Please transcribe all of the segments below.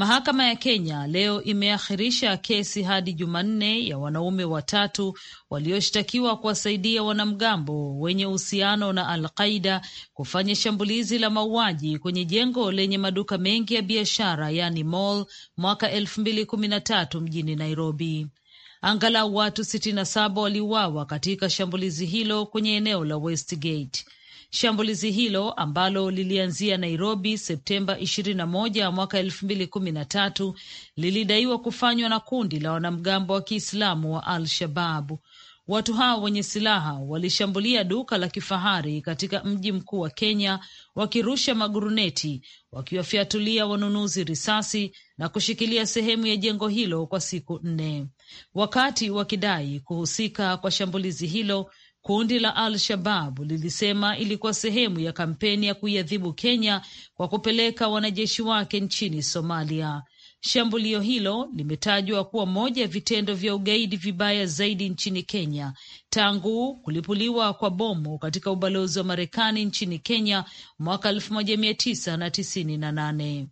Mahakama ya Kenya leo imeakhirisha kesi hadi Jumanne ya wanaume watatu walioshtakiwa kuwasaidia wanamgambo wenye uhusiano na Al-Qaida kufanya shambulizi la mauaji kwenye jengo lenye maduka mengi ya biashara yani mall mwaka elfu mbili kumi na tatu mjini Nairobi. Angalau watu sitini na saba waliuawa katika shambulizi hilo kwenye eneo la Westgate. Shambulizi hilo ambalo lilianzia Nairobi Septemba 21 mwaka 2013 lilidaiwa kufanywa na kundi la wanamgambo wa Kiislamu wa Al-Shababu. Watu hao wenye silaha walishambulia duka la kifahari katika mji mkuu wa Kenya, wakirusha maguruneti, wakiwafyatulia wanunuzi risasi na kushikilia sehemu ya jengo hilo kwa siku nne, wakati wakidai kuhusika kwa shambulizi hilo Kundi la Al-Shababu lilisema ilikuwa sehemu ya kampeni ya kuiadhibu Kenya kwa kupeleka wanajeshi wake nchini Somalia. Shambulio hilo limetajwa kuwa moja ya vitendo vya ugaidi vibaya zaidi nchini Kenya tangu kulipuliwa kwa bomu katika ubalozi wa Marekani nchini Kenya mwaka 1998.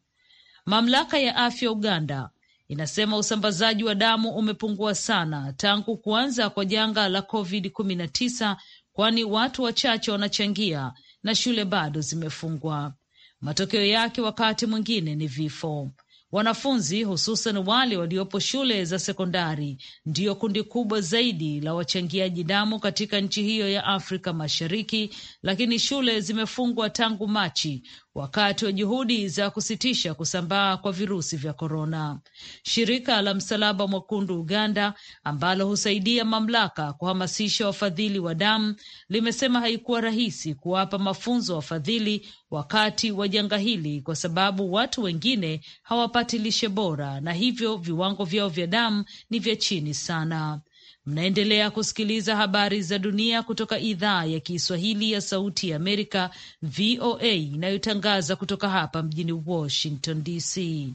Mamlaka ya afya Uganda inasema usambazaji wa damu umepungua sana tangu kuanza kwa janga la COVID-19, kwani watu wachache wanachangia na shule bado zimefungwa. Matokeo yake wakati mwingine ni vifo. Wanafunzi hususan wale waliopo shule za sekondari ndiyo kundi kubwa zaidi la wachangiaji damu katika nchi hiyo ya Afrika Mashariki, lakini shule zimefungwa tangu Machi wakati wa juhudi za kusitisha kusambaa kwa virusi vya korona. Shirika la Msalaba Mwekundu Uganda, ambalo husaidia mamlaka kuhamasisha wafadhili wa damu, limesema haikuwa rahisi kuwapa mafunzo wafadhili wakati wa janga hili, kwa sababu watu wengine hawapati lishe bora na hivyo viwango vyao vya damu ni vya chini sana. Mnaendelea kusikiliza habari za dunia kutoka idhaa ya Kiswahili ya Sauti ya Amerika, VOA, inayotangaza kutoka hapa mjini Washington DC.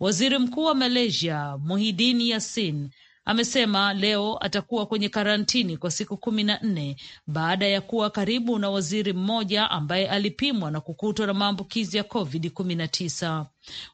Waziri Mkuu wa Malaysia Muhidin Yasin amesema leo atakuwa kwenye karantini kwa siku kumi na nne baada ya kuwa karibu na waziri mmoja ambaye alipimwa na kukutwa na maambukizi ya COVID tisa.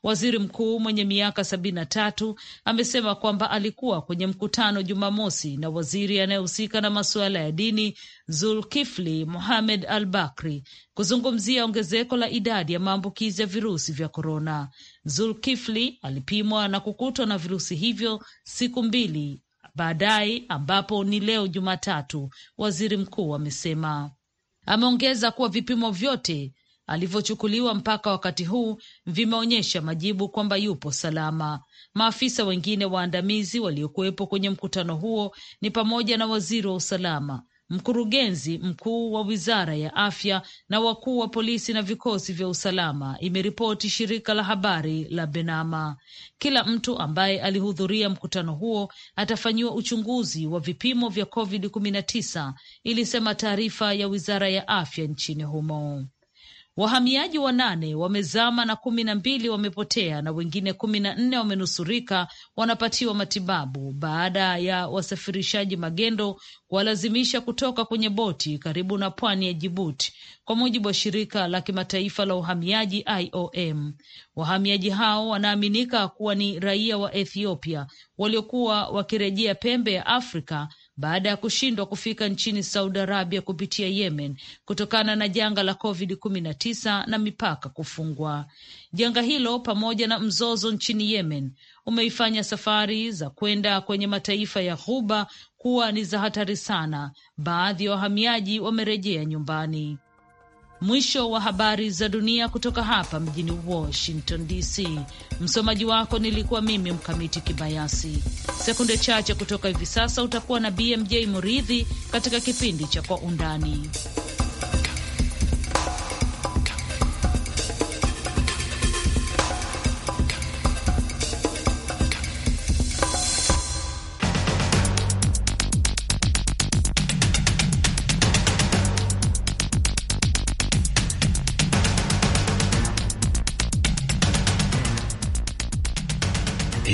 Waziri mkuu mwenye miaka sabini na tatu amesema kwamba alikuwa kwenye mkutano Jumamosi na waziri anayehusika na masuala ya dini Zulkifli Mohamed Al Bakri kuzungumzia ongezeko la idadi ya maambukizi ya virusi vya korona. Zulkifli alipimwa na kukutwa na virusi hivyo siku mbili baadaye, ambapo ni leo Jumatatu, waziri mkuu amesema. Ameongeza kuwa vipimo vyote alivyochukuliwa mpaka wakati huu vimeonyesha majibu kwamba yupo salama. Maafisa wengine waandamizi waliokuwepo kwenye mkutano huo ni pamoja na waziri wa usalama, mkurugenzi mkuu wa wizara ya afya na wakuu wa polisi na vikosi vya usalama, imeripoti shirika la habari la Benama. Kila mtu ambaye alihudhuria mkutano huo atafanyiwa uchunguzi wa vipimo vya COVID-19, ilisema taarifa ya wizara ya afya nchini humo. Wahamiaji wanane wamezama na kumi na mbili wamepotea na wengine kumi na nne wamenusurika, wanapatiwa matibabu baada ya wasafirishaji magendo kuwalazimisha kutoka kwenye boti karibu na pwani ya Jibuti, kwa mujibu wa shirika la kimataifa la uhamiaji IOM. Wahamiaji hao wanaaminika kuwa ni raia wa Ethiopia waliokuwa wakirejea pembe ya Afrika baada ya kushindwa kufika nchini Saudi Arabia kupitia Yemen kutokana na janga la COVID-19 na mipaka kufungwa. Janga hilo pamoja na mzozo nchini Yemen umeifanya safari za kwenda kwenye mataifa ya Ghuba kuwa ni za hatari sana. Baadhi ya wahamiaji wamerejea nyumbani. Mwisho wa habari za dunia kutoka hapa mjini Washington DC. Msomaji wako nilikuwa mimi Mkamiti Kibayasi. Sekunde chache kutoka hivi sasa utakuwa na BMJ Muridhi katika kipindi cha Kwa Undani.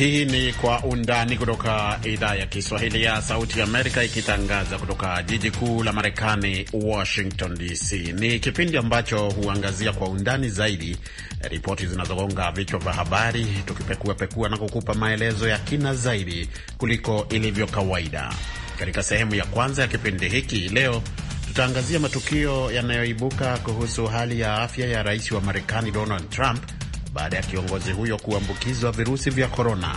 Hii ni Kwa Undani kutoka idhaa ya Kiswahili ya Sauti ya Amerika, ikitangaza kutoka jiji kuu la Marekani, Washington DC. Ni kipindi ambacho huangazia kwa undani zaidi ripoti zinazogonga vichwa vya habari, tukipekuapekua na kukupa maelezo ya kina zaidi kuliko ilivyo kawaida. Katika sehemu ya kwanza ya kipindi hiki leo tutaangazia matukio yanayoibuka kuhusu hali ya afya ya rais wa Marekani Donald Trump baada ya kiongozi huyo kuambukizwa virusi vya korona.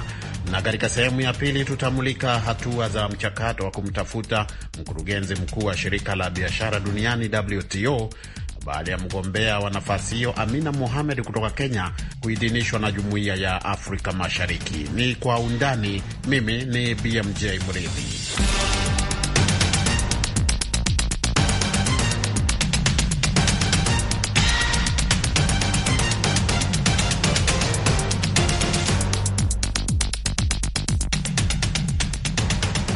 Na katika sehemu ya pili tutamulika hatua za mchakato wa kumtafuta mkurugenzi mkuu wa shirika la biashara duniani WTO baada ya mgombea wa nafasi hiyo Amina Mohamed kutoka Kenya kuidhinishwa na jumuiya ya Afrika Mashariki. Ni kwa undani. Mimi ni BMJ Mridhi.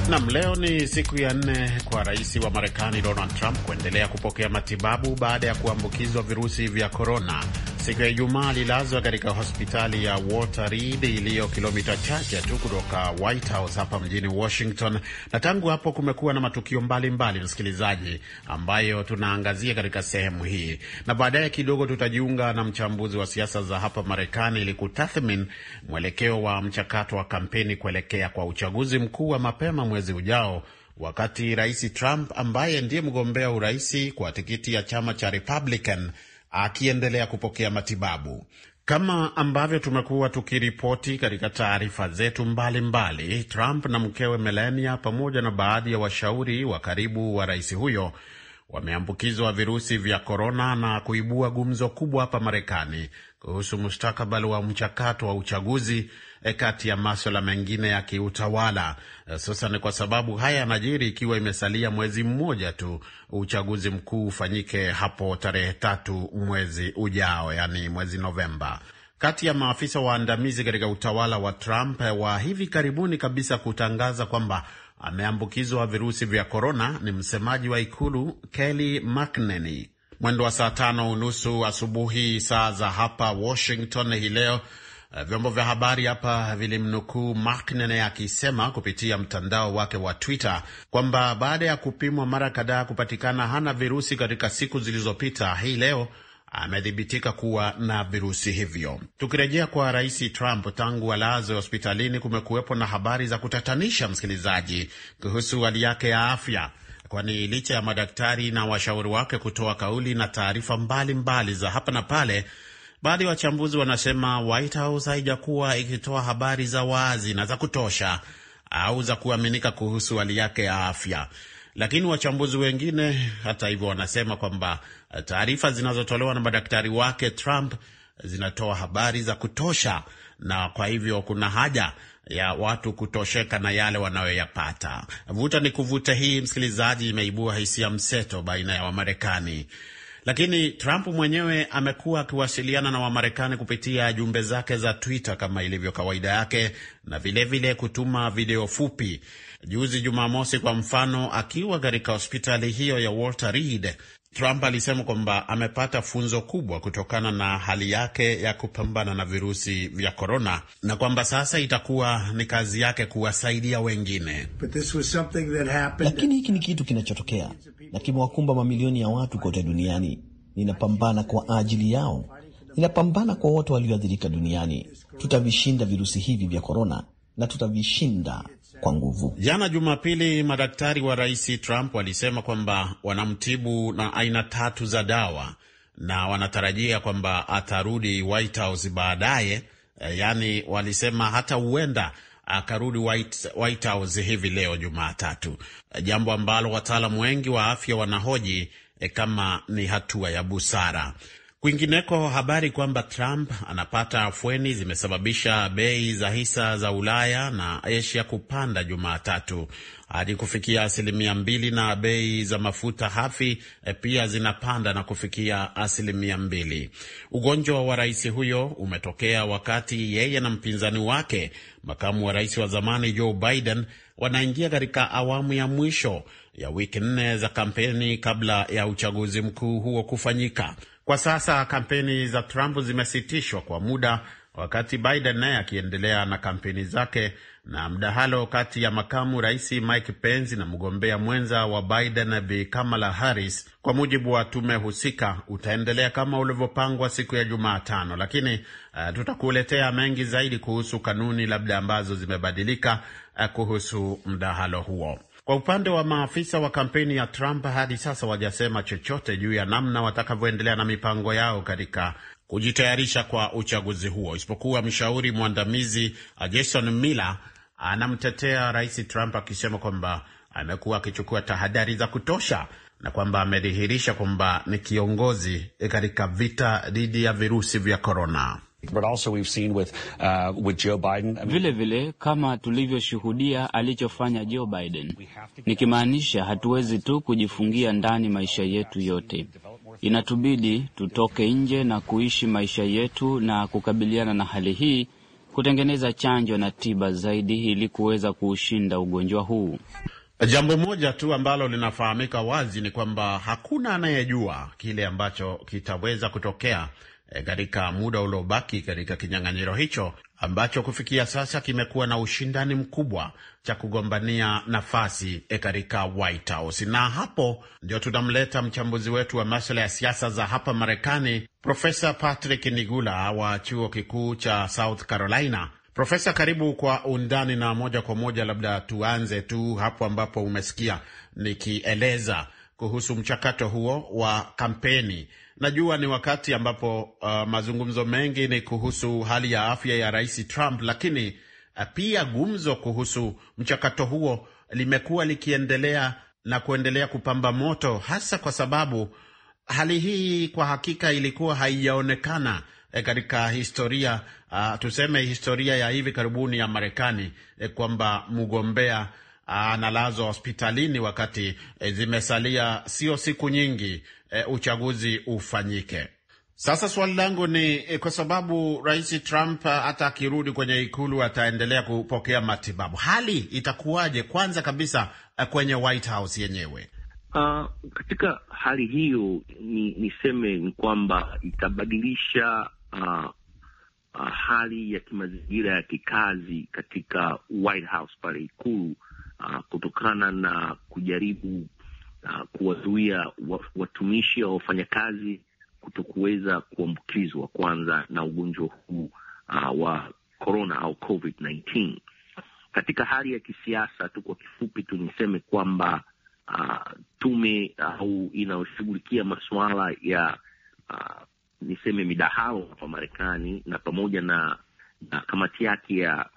Nam, leo ni siku ya nne kwa rais wa Marekani Donald Trump kuendelea kupokea matibabu baada ya kuambukizwa virusi vya korona siku ya Ijumaa alilazwa katika hospitali ya Waterreed iliyo kilomita chache tu kutoka White House hapa mjini Washington, na tangu hapo kumekuwa na matukio mbalimbali, msikilizaji, ambayo tunaangazia katika sehemu hii, na baadaye kidogo tutajiunga na mchambuzi wa siasa za hapa Marekani ili kutathmin mwelekeo wa mchakato wa kampeni kuelekea kwa uchaguzi mkuu wa mapema mwezi ujao wakati Rais Trump ambaye ndiye mgombea uraisi kwa tikiti ya chama cha Republican akiendelea kupokea matibabu. Kama ambavyo tumekuwa tukiripoti katika taarifa zetu mbalimbali mbali, Trump na mkewe Melania pamoja na baadhi ya washauri wa karibu wa rais huyo wameambukizwa virusi vya korona na kuibua gumzo kubwa hapa Marekani kuhusu mustakabali wa mchakato wa uchaguzi Eh, kati ya maswala mengine ya kiutawala, eh, ni kwa sababu haya yanajiri ikiwa imesalia mwezi mmoja tu uchaguzi mkuu ufanyike hapo tarehe tatu mwezi ujao, yani mwezi Novemba. Kati ya maafisa waandamizi katika utawala wa Trump eh, wa hivi karibuni kabisa kutangaza kwamba ameambukizwa virusi vya korona ni msemaji wa ikulu Kelly McEnany. Mwendo wa saa tano unusu asubuhi saa za hapa Washington hii leo Eh, vyombo vya habari hapa vilimnukuu Nene akisema kupitia mtandao wake wa Twitter kwamba baada ya kupimwa mara kadhaa kupatikana hana virusi katika siku zilizopita, hii leo amethibitika kuwa na virusi hivyo. Tukirejea kwa Rais Trump, tangu alazwe hospitalini kumekuwepo na habari za kutatanisha, msikilizaji, kuhusu hali yake ya afya kwani licha ya madaktari na washauri wake kutoa kauli na taarifa mbalimbali za hapa na pale, Baadhi ya wachambuzi wanasema White House haijakuwa ikitoa habari za wazi na za kutosha au za kuaminika kuhusu hali yake ya afya, lakini wachambuzi wengine, hata hivyo, wanasema kwamba eh, taarifa zinazotolewa na madaktari wake Trump zinatoa habari za kutosha, na kwa hivyo kuna haja ya watu kutosheka na yale wanayoyapata. Vuta ni kuvute hii, msikilizaji, imeibua hisia mseto baina ya Wamarekani. Lakini Trump mwenyewe amekuwa akiwasiliana na Wamarekani kupitia jumbe zake za Twitter kama ilivyo kawaida yake, na vilevile vile kutuma video fupi. Juzi Jumamosi, kwa mfano, akiwa katika hospitali hiyo ya Walter Reed Trump alisema kwamba amepata funzo kubwa kutokana na hali yake ya kupambana na virusi vya korona na kwamba sasa itakuwa ni kazi yake kuwasaidia wengine. Lakini hiki ni kitu kinachotokea na kimewakumba mamilioni ya watu kote duniani. Ninapambana kwa ajili yao, ninapambana kwa wote walioathirika duniani. Tutavishinda virusi hivi vya korona na tutavishinda kwa nguvu. Jana Jumapili, madaktari wa rais Trump walisema kwamba wanamtibu na aina tatu za dawa na wanatarajia kwamba atarudi White House baadaye. Yaani walisema hata huenda akarudi White, White House hivi leo Jumatatu, eh, jambo ambalo wataalamu wengi wa afya wanahoji e, kama ni hatua ya busara. Kwingineko, habari kwamba Trump anapata afueni zimesababisha bei za hisa za Ulaya na Asia kupanda Jumatatu hadi kufikia asilimia mbili na bei za mafuta hafi eh, pia zinapanda na kufikia asilimia mbili. Ugonjwa wa rais huyo umetokea wakati yeye na mpinzani wake makamu wa rais wa zamani Joe Biden wanaingia katika awamu ya mwisho ya wiki nne za kampeni kabla ya uchaguzi mkuu huo kufanyika. Kwa sasa kampeni za Trump zimesitishwa kwa muda, wakati Biden naye akiendelea na kampeni zake, na mdahalo kati ya makamu rais Mike Pence na mgombea mwenza wa Biden Bi Kamala Harris, kwa mujibu wa tume husika, utaendelea kama ulivyopangwa siku ya Jumatano, lakini uh, tutakuletea mengi zaidi kuhusu kanuni labda ambazo zimebadilika uh, kuhusu mdahalo huo. Kwa upande wa maafisa wa kampeni ya Trump, hadi sasa wajasema chochote juu ya namna watakavyoendelea na mipango yao katika kujitayarisha kwa uchaguzi huo, isipokuwa mshauri mwandamizi uh, Jason Miller anamtetea Rais Trump akisema kwamba amekuwa akichukua tahadhari za kutosha na kwamba amedhihirisha kwamba ni kiongozi eh, katika vita dhidi ya virusi vya korona. Vilevile uh, vile, kama tulivyoshuhudia alichofanya Joe Biden, nikimaanisha hatuwezi tu kujifungia ndani maisha yetu yote, inatubidi tutoke nje na kuishi maisha yetu na kukabiliana na hali hii, kutengeneza chanjo na tiba zaidi ili kuweza kuushinda ugonjwa huu. Jambo moja tu ambalo linafahamika wazi ni kwamba hakuna anayejua kile ambacho kitaweza kutokea E, katika muda uliobaki katika kinyang'anyiro hicho ambacho kufikia sasa kimekuwa na ushindani mkubwa cha kugombania nafasi e, katika White House. Na hapo ndio tunamleta mchambuzi wetu wa maswala ya siasa za hapa Marekani, Profesa Patrick Nigula wa chuo kikuu cha South Carolina. Profesa, karibu kwa undani. Na moja kwa moja, labda tuanze tu hapo ambapo umesikia nikieleza kuhusu mchakato huo wa kampeni Najua ni wakati ambapo uh, mazungumzo mengi ni kuhusu hali ya afya ya Rais Trump, lakini uh, pia gumzo kuhusu mchakato huo limekuwa likiendelea na kuendelea kupamba moto, hasa kwa sababu hali hii kwa hakika ilikuwa haijaonekana E, katika historia uh, tuseme historia ya hivi karibuni ya Marekani e, kwamba mgombea analazwa hospitalini wakati e, zimesalia sio siku nyingi e, uchaguzi ufanyike. Sasa swali langu ni e, kwa sababu Rais Trump hata akirudi kwenye ikulu ataendelea kupokea matibabu, hali itakuwaje? Kwanza kabisa kwenye White House yenyewe uh, katika hali hiyo ni, niseme ni kwamba itabadilisha uh, Uh, hali ya kimazingira ya kikazi katika White House pale Ikulu uh, kutokana na kujaribu uh, kuwazuia watumishi au wafanyakazi kutokuweza kuambukizwa kwanza na ugonjwa huu uh, wa corona au COVID-19. Katika hali ya kisiasa tu, kwa kifupi tu niseme kwamba uh, tume au uh, inayoshughulikia masuala ya uh, niseme midahalo hapa Marekani na pamoja na, na kamati yake ya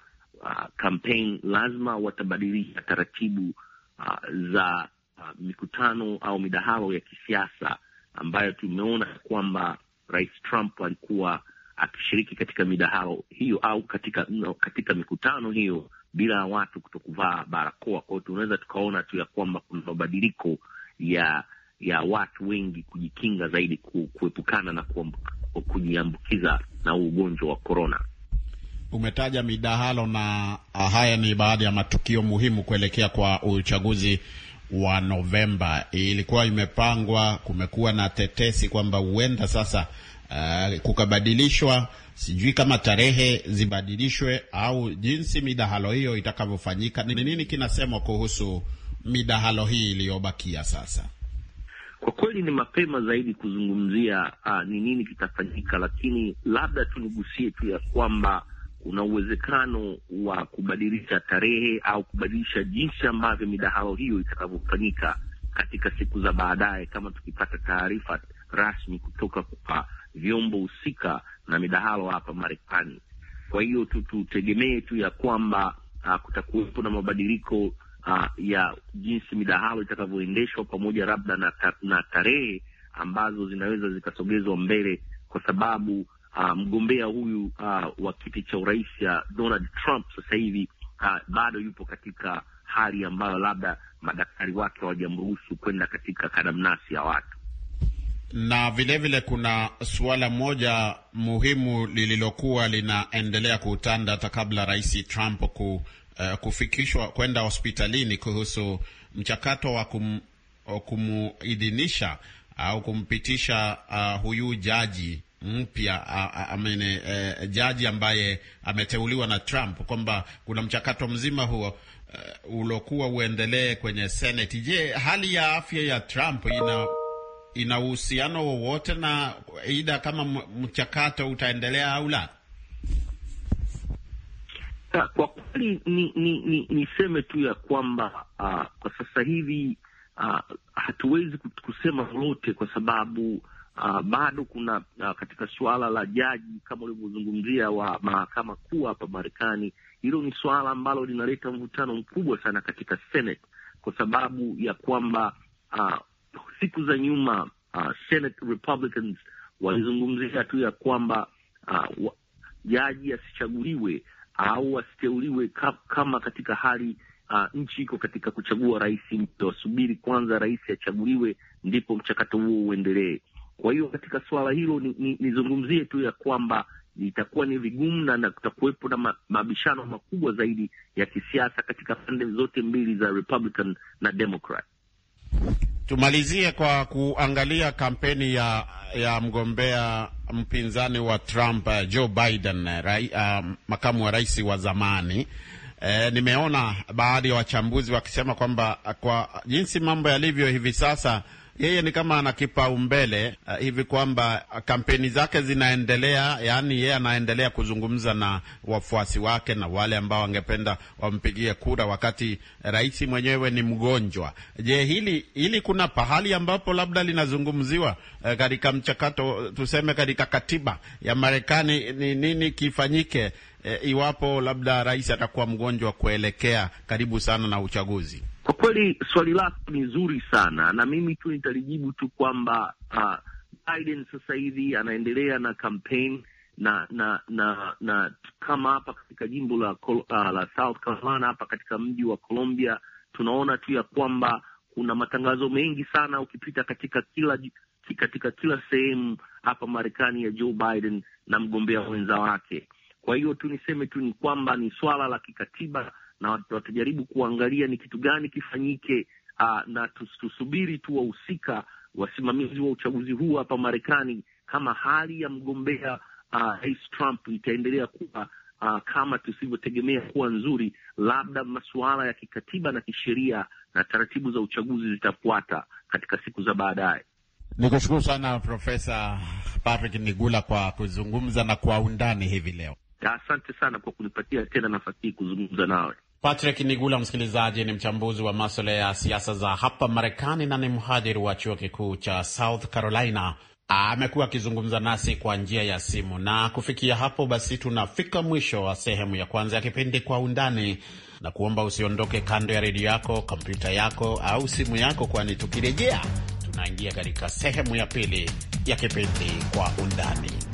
uh, campaign lazima watabadilisha taratibu uh, za uh, mikutano au midahalo ya kisiasa ambayo tumeona kwamba Rais Trump alikuwa akishiriki katika midahalo hiyo au katika no, katika mikutano hiyo bila watu kuto kuvaa barakoa. Kwa hiyo tunaweza tukaona tu ya kwamba kuna mabadiliko ya ya watu wengi kujikinga zaidi, kuepukana na kujiambukiza na huu ugonjwa wa korona. Umetaja midahalo na ah, haya ni baadhi ya matukio muhimu kuelekea kwa uchaguzi wa Novemba. Ilikuwa imepangwa, kumekuwa na tetesi kwamba huenda sasa uh, kukabadilishwa, sijui kama tarehe zibadilishwe au jinsi midahalo hiyo itakavyofanyika. Ni nini kinasemwa kuhusu midahalo hii iliyobakia sasa? Kwa kweli ni mapema zaidi kuzungumzia ah, ni nini kitafanyika, lakini labda tunigusie tu ya kwamba kuna uwezekano wa kubadilisha tarehe au kubadilisha jinsi ambavyo midahalo hiyo itakavyofanyika katika siku za baadaye, kama tukipata taarifa rasmi kutoka kwa vyombo husika na midahalo hapa Marekani. Kwa hiyo tutegemee tu ya kwamba uh, kutakuwepo na mabadiliko uh, ya jinsi midahalo itakavyoendeshwa pamoja labda na, ta, na tarehe ambazo zinaweza zikasogezwa mbele kwa sababu uh, mgombea huyu uh, wa kiti cha urais Donald Trump sasa hivi uh, bado yupo katika hali ambayo labda madaktari wake hawajamruhusu kwenda katika kadamnasi ya watu na vilevile vile kuna suala moja muhimu lililokuwa linaendelea kutanda hata kabla rais Trump ku, uh, kufikishwa kwenda hospitalini kuhusu mchakato wa kum, kumuidhinisha au kumpitisha uh, huyu jaji mpya amene eh, eh, jaji ambaye ameteuliwa na Trump kwamba kuna mchakato mzima huo uh, ulokuwa uendelee kwenye Senate. Je, hali ya afya ya Trump ina ina uhusiano wowote na ida kama mchakato utaendelea au la? Kwa kweli ni, ni, ni, niseme tu ya kwamba uh, kwa sasa hivi uh, hatuwezi kusema lolote kwa sababu uh, bado kuna uh, katika suala la jaji kama ulivyozungumzia wa mahakama kuu hapa Marekani, hilo ni suala ambalo linaleta mvutano mkubwa sana katika Senate kwa sababu ya kwamba uh, siku za nyuma uh, Senate Republicans walizungumzia tu ya kwamba uh, jaji asichaguliwe au asiteuliwe kama katika hali uh, nchi iko katika kuchagua rais mpya, wasubiri kwanza rais achaguliwe ndipo mchakato huo uendelee. Kwa hiyo katika suala hilo nizungumzie ni, ni tu ya kwamba itakuwa ni vigumu na kutakuwepo na mabishano makubwa zaidi ya kisiasa katika pande zote mbili za Republican na Democrat. Tumalizie kwa kuangalia kampeni ya ya mgombea mpinzani wa Trump uh, Joe Biden eh, rai, uh, makamu wa rais wa zamani. E, nimeona baadhi ya wachambuzi wakisema kwamba kwa jinsi mambo yalivyo hivi sasa yeye ni kama ana kipaumbele uh, hivi kwamba kampeni zake zinaendelea, yaani yeye anaendelea kuzungumza na wafuasi wake na wale ambao wangependa wampigie kura, wakati rais mwenyewe ni mgonjwa. Je, hili hili kuna pahali ambapo labda linazungumziwa uh, katika mchakato tuseme, katika katiba ya Marekani ni nini kifanyike, uh, iwapo labda rais atakuwa mgonjwa kuelekea karibu sana na uchaguzi? kweli swali lako ni zuri sana, na mimi tu nitalijibu tu kwamba uh, Biden sasa hivi anaendelea na campaign na na na na kama hapa katika jimbo la, uh, la South Carolina hapa katika mji wa Columbia tunaona tu ya kwamba kuna matangazo mengi sana ukipita katika kila katika kila sehemu hapa Marekani ya Joe Biden na mgombea mwenza wake. Kwa hiyo tu niseme tu ni kwamba ni swala la kikatiba na watajaribu kuangalia ni kitu gani kifanyike, uh, na tusubiri tu wahusika wasimamizi wa uchaguzi huu hapa Marekani, kama hali ya mgombea ah, rais uh, Trump itaendelea kuwa Uh, kama tusivyotegemea kuwa nzuri, labda masuala ya kikatiba na kisheria na taratibu za uchaguzi zitafuata katika siku za baadaye. ni kushukuru sana Profesa Patrick Nigula kwa kuzungumza na kwa undani hivi leo. Asante sana kwa kunipatia tena nafasi hii kuzungumza nawe. Patrick Nigula, msikilizaji, ni mchambuzi wa maswala ya siasa za hapa Marekani na ni mhadhiri wa chuo kikuu cha South Carolina. Amekuwa akizungumza nasi kwa njia ya simu, na kufikia hapo basi tunafika mwisho wa sehemu ya kwanza ya kipindi Kwa Undani, na kuomba usiondoke kando ya redio yako, kompyuta yako au simu yako, kwani tukirejea tunaingia katika sehemu ya pili ya kipindi Kwa Undani.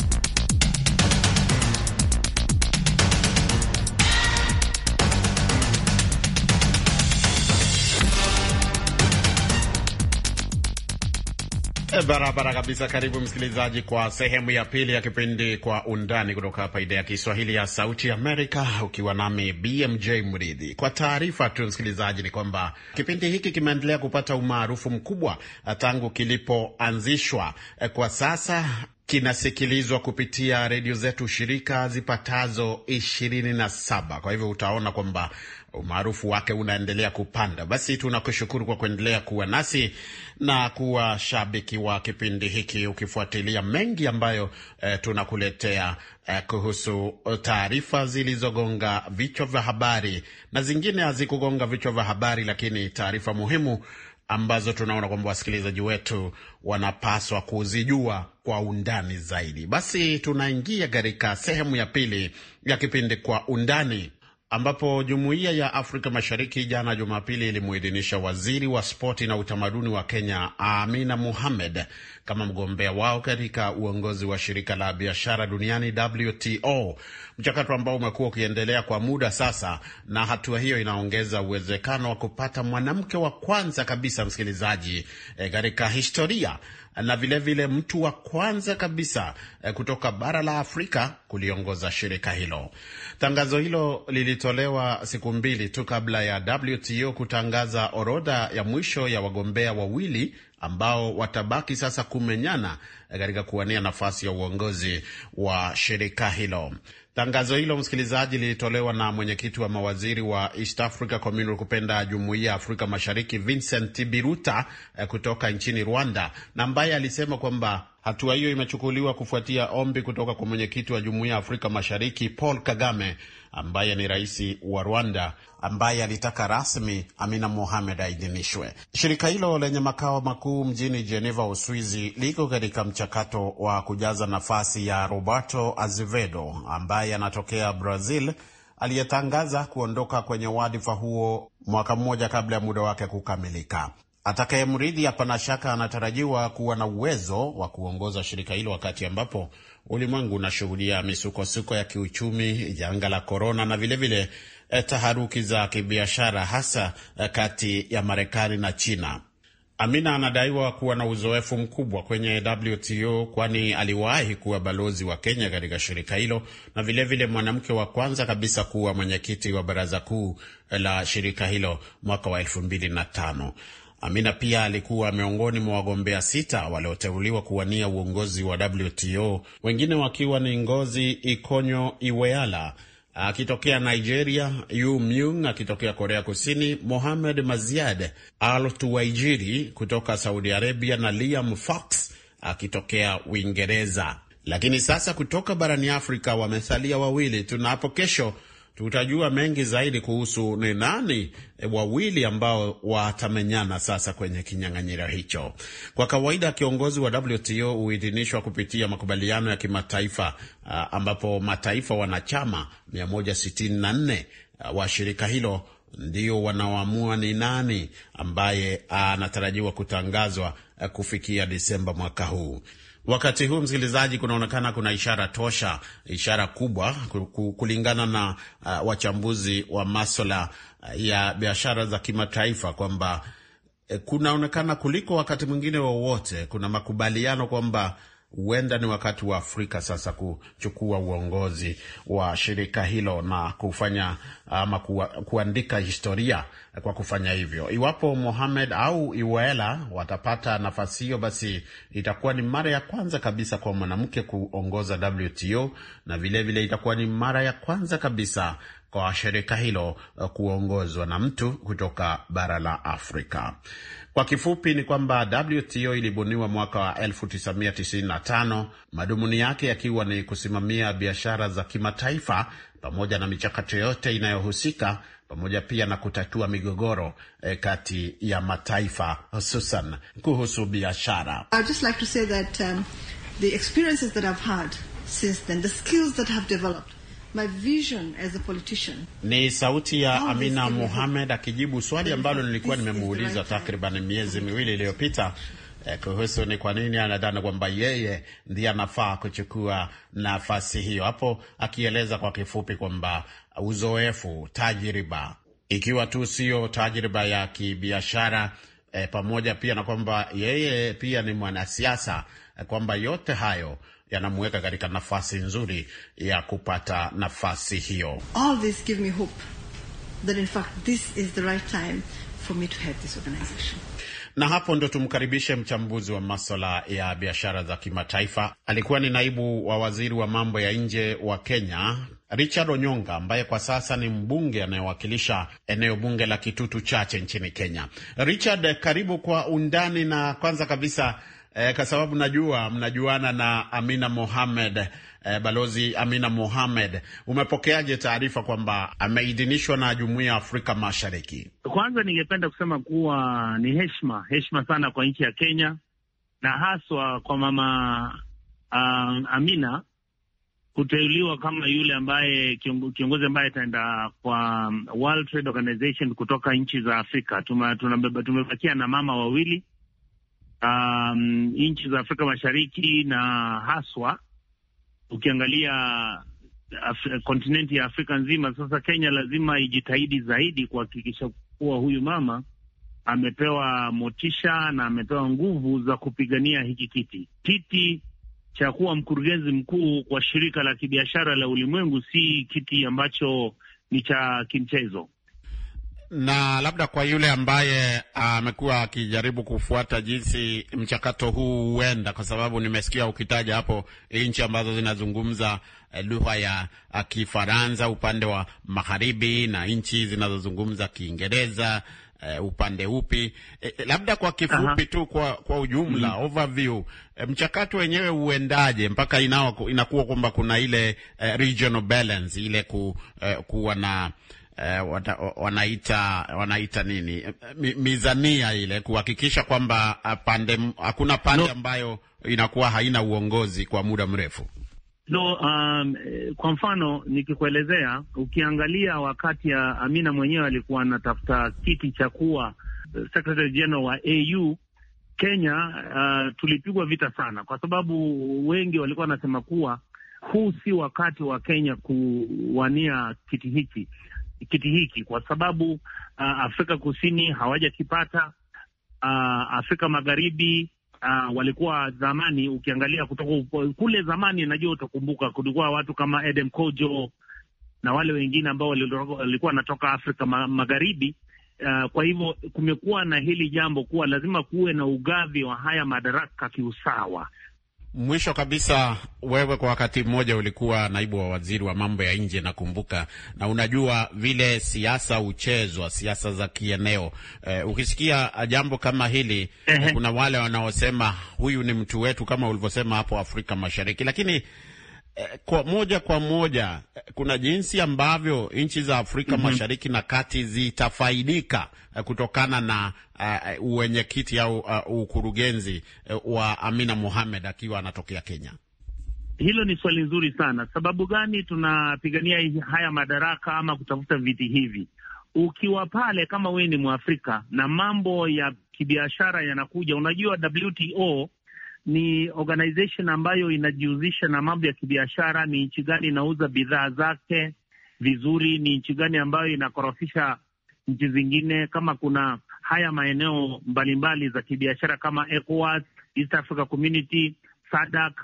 Barabara kabisa. Karibu msikilizaji, kwa sehemu ya pili ya kipindi Kwa Undani kutoka hapa idhaa ya Kiswahili ya Sauti Amerika, ukiwa nami BMJ Mridhi. Kwa taarifa tu msikilizaji, ni kwamba kipindi hiki kimeendelea kupata umaarufu mkubwa tangu kilipoanzishwa. Kwa sasa kinasikilizwa kupitia redio zetu shirika zipatazo ishirini na saba. Kwa hivyo utaona kwamba umaarufu wake unaendelea kupanda. Basi tunakushukuru kwa kuendelea kuwa nasi na kuwa shabiki wa kipindi hiki, ukifuatilia mengi ambayo eh, tunakuletea eh, kuhusu taarifa zilizogonga vichwa vya habari na zingine hazikugonga vichwa vya habari, lakini taarifa muhimu ambazo tunaona kwamba wasikilizaji wetu wanapaswa kuzijua kwa undani zaidi. Basi tunaingia katika sehemu ya pili ya kipindi Kwa Undani, ambapo Jumuiya ya Afrika Mashariki jana Jumapili ilimuidhinisha waziri wa spoti na utamaduni wa Kenya Amina Mohamed kama mgombea wao katika uongozi wa shirika la biashara duniani WTO, mchakato ambao umekuwa ukiendelea kwa muda sasa, na hatua hiyo inaongeza uwezekano wa kupata mwanamke wa kwanza kabisa, msikilizaji, eh, katika e, historia na vilevile vile mtu wa kwanza kabisa e, kutoka bara la Afrika kuliongoza shirika hilo. Tangazo hilo lilitolewa siku mbili tu kabla ya WTO kutangaza orodha ya mwisho ya wagombea wawili ambao watabaki sasa kumenyana eh, katika kuwania nafasi ya uongozi wa shirika hilo. Tangazo hilo, msikilizaji, lilitolewa na mwenyekiti wa mawaziri wa East Africa Community kupenda jumuiya ya Afrika Mashariki Vincent Biruta eh, kutoka nchini Rwanda, na ambaye alisema kwamba hatua hiyo imechukuliwa kufuatia ombi kutoka kwa mwenyekiti wa jumuiya ya Afrika Mashariki Paul Kagame ambaye ni rais wa Rwanda, ambaye alitaka rasmi Amina Mohamed aidhinishwe. Shirika hilo lenye makao makuu mjini Geneva, Uswizi, liko katika mchakato wa kujaza nafasi ya Roberto Azevedo ambaye anatokea Brazil, aliyetangaza kuondoka kwenye wadhifa huo mwaka mmoja kabla ya muda wake kukamilika. Atakayemrithi hapana shaka anatarajiwa kuwa na uwezo wa kuongoza shirika hilo wakati ambapo ulimwengu unashuhudia misukosuko ya kiuchumi, janga la korona na vilevile vile eh, taharuki za kibiashara, hasa eh, kati ya Marekani na China. Amina anadaiwa kuwa na uzoefu mkubwa kwenye WTO kwani aliwahi kuwa balozi wa Kenya katika shirika hilo na vilevile mwanamke wa kwanza kabisa kuwa mwenyekiti wa baraza kuu eh, la shirika hilo mwaka wa elfu mbili na tano. Amina pia alikuwa miongoni mwa wagombea sita walioteuliwa kuwania uongozi wa WTO, wengine wakiwa ni Ngozi Ikonyo Iweala akitokea Nigeria, Yu Myung akitokea Korea Kusini, Mohamed Maziad Al Tuwaijiri kutoka Saudi Arabia na Liam Fox akitokea Uingereza. Lakini sasa kutoka barani Afrika wamesalia wawili tunapo kesho Tutajua mengi zaidi kuhusu ni nani e, wawili ambao watamenyana sasa kwenye kinyang'anyiro hicho. Kwa kawaida kiongozi wa WTO huidhinishwa kupitia makubaliano ya kimataifa ambapo mataifa wanachama 164 wa shirika hilo ndio wanaoamua ni nani ambaye anatarajiwa kutangazwa kufikia Disemba mwaka huu. Wakati huu msikilizaji, kunaonekana kuna ishara tosha, ishara kubwa kulingana na uh, wachambuzi wa maswala uh, ya biashara za kimataifa kwamba eh, kunaonekana kuliko wakati mwingine wowote wa kuna makubaliano kwamba huenda ni wakati wa Afrika sasa kuchukua uongozi wa shirika hilo na kufanya ama kuwa, kuandika historia kwa kufanya hivyo. Iwapo Mohamed au iwela watapata nafasi hiyo, basi itakuwa ni mara ya kwanza kabisa kwa mwanamke kuongoza WTO na vilevile vile itakuwa ni mara ya kwanza kabisa kwa shirika hilo uh, kuongozwa na mtu kutoka bara la Afrika. Kwa kifupi ni kwamba WTO ilibuniwa mwaka wa 1995 madhumuni yake yakiwa ni kusimamia biashara za kimataifa pamoja na michakato yote inayohusika pamoja pia na kutatua migogoro e, kati ya mataifa hususan kuhusu biashara. Like um, the experiences that I've had since then, the skills that have developed My vision as a politician. Ni sauti ya Amina Mohamed akijibu swali ambalo nilikuwa nimemuuliza right takriban miezi miwili iliyopita eh, kuhusu ni kwa nini anadhani kwamba yeye ndiye anafaa kuchukua nafasi hiyo, hapo akieleza kwa kifupi kwamba uzoefu, tajriba, ikiwa tu sio tajriba ya kibiashara e, pamoja pia na kwamba yeye pia ni mwanasiasa, eh, kwamba yote hayo yanamweka katika nafasi nzuri ya kupata nafasi hiyo. All this give me hope that in fact this is the right time for me to head this organization. Na hapo ndo tumkaribishe mchambuzi wa maswala ya biashara za kimataifa, alikuwa ni naibu wa waziri wa mambo ya nje wa Kenya Richard Onyonga ambaye kwa sasa ni mbunge anayewakilisha eneo bunge la Kitutu Chache nchini Kenya. Richard, karibu kwa undani, na kwanza kabisa e, kwa sababu najua mnajuana na Amina Mohamed e, balozi Amina Mohamed, umepokeaje taarifa kwamba ameidhinishwa na jumuiya ya Afrika Mashariki? Kwanza ningependa kusema kuwa ni heshima, heshima sana kwa nchi ya Kenya na haswa kwa mama um, Amina kuteuliwa kama yule ambaye kiongozi ambaye ataenda kwa um, World Trade Organization kutoka nchi za Afrika. Tumebakia na mama wawili um, nchi za Afrika Mashariki na haswa ukiangalia kontinenti ya Afrika nzima. Sasa Kenya lazima ijitahidi zaidi kuhakikisha kuwa huyu mama amepewa motisha na amepewa nguvu za kupigania hiki kiti. Kiti cha kuwa mkurugenzi mkuu kwa shirika la kibiashara la ulimwengu si kiti ambacho ni cha kimchezo na labda kwa yule ambaye ah, amekuwa akijaribu kufuata jinsi mchakato huu huenda, kwa sababu nimesikia ukitaja hapo nchi ambazo zinazungumza eh, lugha ya ah, Kifaransa upande wa magharibi na nchi zinazozungumza Kiingereza Uh, upande upi eh, eh, labda kwa kifupi uh-huh, tu kwa kwa ujumla mm-hmm, overview eh, mchakato wenyewe uendaje mpaka inawa, inakuwa kwamba kuna ile eh, regional balance ile ku, eh, kuwa na eh, wanaita wanaita nini mi, mizania ile kuhakikisha kwamba ah, pande hakuna pande ambayo inakuwa haina uongozi kwa muda mrefu. No, um, eh, kwa mfano nikikuelezea, ukiangalia wakati ya Amina mwenyewe alikuwa anatafuta kiti cha kuwa eh, Secretary General wa AU Kenya, uh, tulipigwa vita sana, kwa sababu wengi walikuwa wanasema kuwa huu si wakati wa Kenya kuwania kiti hiki kiti hiki kwa sababu uh, Afrika Kusini hawajakipata. Uh, Afrika Magharibi uh, walikuwa zamani, ukiangalia kutoka kule zamani, najua utakumbuka kulikuwa watu kama Edem Kojo na wale wengine ambao walikuwa wanatoka Afrika Magharibi. Uh, kwa hivyo kumekuwa na hili jambo kuwa lazima kuwe na ugavi wa haya madaraka kiusawa, Mwisho kabisa, wewe kwa wakati mmoja ulikuwa naibu wa waziri wa mambo ya nje, nakumbuka, na unajua vile siasa huchezwa, siasa za kieneo. Eh, ukisikia jambo kama hili mhm. kuna wale wanaosema huyu ni mtu wetu, kama ulivyosema hapo Afrika Mashariki, lakini Eh, kwa moja kwa moja eh, kuna jinsi ambavyo nchi za Afrika mm -hmm. Mashariki na Kati zitafaidika eh, kutokana na uh, au uh, ukurugenzi wa Amina Mohamed akiwa anatokea Kenya. Hilo ni swali nzuri sana. Sababu gani tunapigania haya madaraka ama kutafuta viti hivi? Ukiwa pale kama wewe ni Mwafrika na mambo ya kibiashara yanakuja, unajua WTO ni organization ambayo inajihusisha na mambo ya kibiashara, ni nchi gani inauza bidhaa zake vizuri, ni nchi gani ambayo inakorofisha nchi zingine, kama kuna haya maeneo mbalimbali za kibiashara kama ECOWAS, East Africa Community, SADC.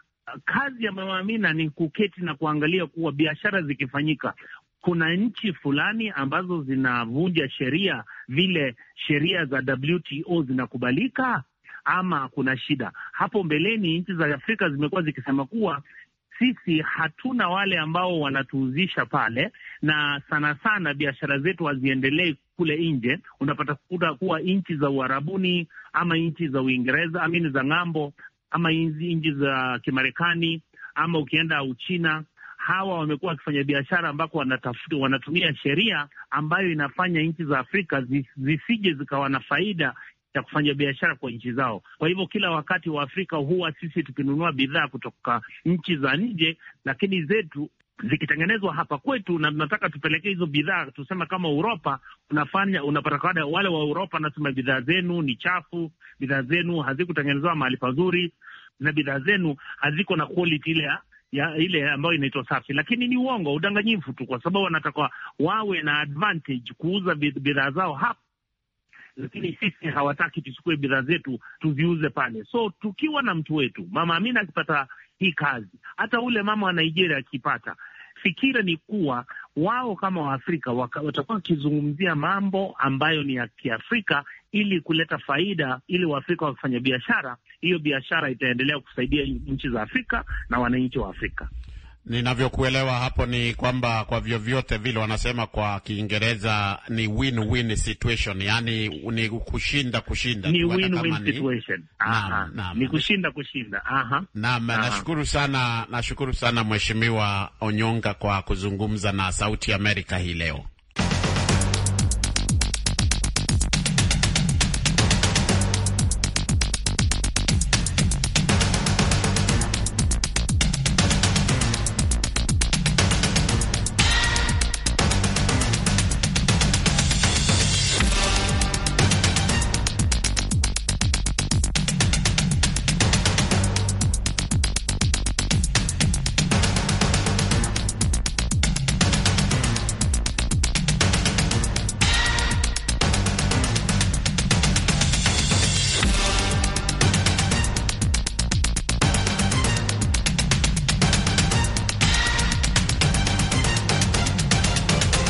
Kazi ya Mama Amina ni kuketi na kuangalia kuwa biashara zikifanyika, kuna nchi fulani ambazo zinavunja sheria, vile sheria za WTO zinakubalika ama kuna shida. Hapo mbeleni nchi za Afrika zimekuwa zikisema kuwa sisi hatuna wale ambao wanatuuzisha pale, na sana sana biashara zetu haziendelei kule nje. Unapata kuta kuwa nchi za Uarabuni ama nchi za Uingereza amini za ng'ambo ama nchi za Kimarekani ama ukienda Uchina, hawa wamekuwa wakifanya biashara ambako wanatafuta, wanatumia sheria ambayo inafanya nchi za Afrika zisije zikawa na faida ya kufanya biashara kwa nchi zao. Kwa hivyo kila wakati wa Afrika huwa sisi tukinunua bidhaa kutoka nchi za nje, lakini zetu zikitengenezwa hapa kwetu na tunataka tupeleke hizo bidhaa, tusema kama Uropa unafanya unapata kada, wale wa Uropa anasema bidhaa zenu ni chafu, bidhaa zenu hazikutengenezewa mahali pazuri, na bidhaa zenu haziko na quality ile ya ile ambayo inaitwa safi. Lakini ni uongo, udanganyifu tu, kwa sababu wanataka wawe na advantage kuuza bidhaa zao hapa lakini sisi hawataki tuchukue bidhaa zetu tuziuze pale. So tukiwa na mtu wetu Mama Amina akipata hii kazi, hata ule mama wa Nigeria akipata fikira ni kuwa wao kama Waafrika watakuwa wakizungumzia mambo ambayo ni ya Kiafrika ili kuleta faida, ili Waafrika wakifanya biashara, hiyo biashara itaendelea kusaidia nchi za Afrika na wananchi wa Afrika. Ninavyokuelewa hapo ni kwamba kwa vyovyote vile wanasema kwa Kiingereza ni win-win situation, yani ni kushinda kushinda, ni win-win situation. Aha, Na, na, ni kushinda kushinda. Aha, naam. Nashukuru sana, nashukuru sana Mheshimiwa Onyonga kwa kuzungumza na Sauti ya Amerika hii leo.